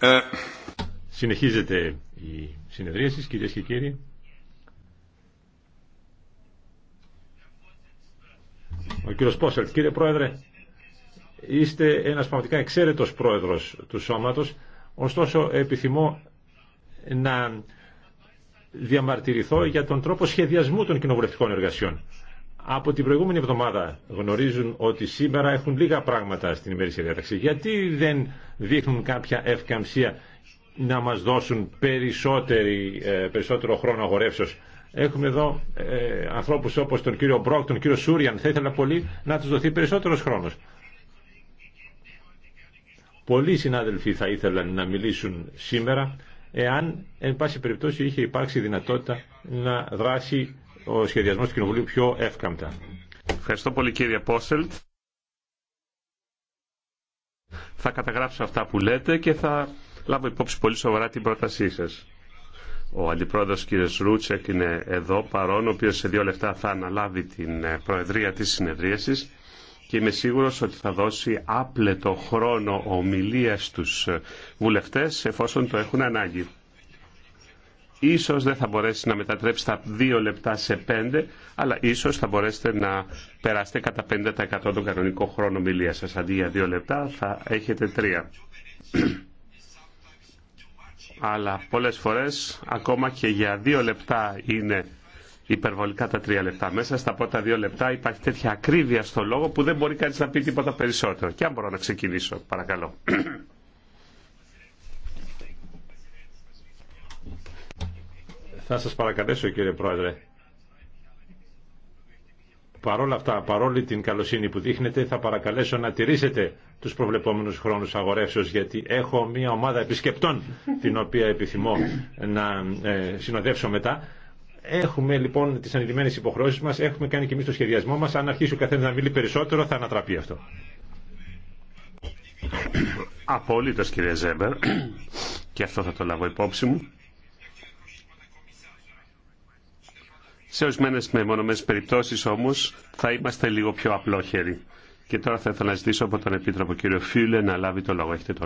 E, Συνεχίζεται η συνεδρία κύριε και κύριοι. Ο κύριο Πόσελτ, κύριε Πρόεδρε, είστε ένα πραγματικά εξαίρετο πρόεδρο του σώματο, ωστόσο επιθυμώ να διαμαρτυρηθώ για τον τρόπο σχεδιασμού των κοινοβουλευτικών εργασιών από την προηγούμενη εβδομάδα γνωρίζουν ότι σήμερα έχουν λίγα πράγματα στην ημερήσια διάταξη. Γιατί δεν δείχνουν κάποια ευκαμψία να μας δώσουν ε, περισσότερο χρόνο αγορεύσεως. Έχουμε εδώ ε, ανθρώπους όπως τον κύριο Μπρόκ, τον κύριο Σούριαν. Θα ήθελα πολύ να τους δοθεί περισσότερος χρόνος. Πολλοί συνάδελφοι θα ήθελαν να μιλήσουν σήμερα εάν, εν πάση περιπτώσει, είχε υπάρξει δυνατότητα να δράσει ο σχεδιασμός του Κοινοβουλίου πιο εύκαμπτα. Ευχαριστώ πολύ κύριε Πόσελτ. Θα καταγράψω αυτά που λέτε και θα λάβω υπόψη πολύ σοβαρά την πρότασή σας. Ο αντιπρόεδρος κ. Ρούτσεκ είναι εδώ παρόν, ο οποίος σε δύο λεπτά θα αναλάβει την ε, προεδρία της συνεδρίασης και είμαι σίγουρο ότι θα δώσει άπλετο χρόνο ομιλίας στους ε, βουλευτές εφόσον το έχουν ανάγκη. Ίσως δεν θα μπορέσει να μετατρέψει τα δύο λεπτά σε πέντε, αλλά ίσως θα μπορέσετε να περάσετε κατά 50% τον κανονικό χρόνο μιλία σας. Αντί για δύο λεπτά θα έχετε τρία. αλλά πολλές φορές ακόμα και για δύο λεπτά είναι υπερβολικά τα τρία λεπτά. Μέσα στα πρώτα δύο λεπτά υπάρχει τέτοια ακρίβεια στο λόγο που δεν μπορεί κανείς να πει τίποτα περισσότερο. Και αν μπορώ να ξεκινήσω, παρακαλώ. Θα σας παρακαλέσω κύριε Πρόεδρε. Παρόλα αυτά, παρόλη την καλοσύνη που δείχνετε, θα παρακαλέσω να τηρήσετε τους προβλεπόμενους χρόνους αγορεύσεως, γιατί έχω μια ομάδα επισκεπτών, την οποία επιθυμώ να ε, συνοδεύσω μετά. Έχουμε λοιπόν τις ανηλυμένες υποχρεώσεις μας, έχουμε κάνει και εμείς το σχεδιασμό μας. Αν αρχίσει ο καθένας να μιλεί περισσότερο, θα ανατραπεί αυτό. Απόλυτος κύριε Ζέμπερ, και αυτό θα το λάβω υπόψη μου. Σε ορισμένε μεμονωμένε περιπτώσει όμω θα είμαστε λίγο πιο απλόχεροι. Και τώρα θα ήθελα να ζητήσω από τον Επίτροπο κύριο Φιούλε να λάβει το λόγο. Έχετε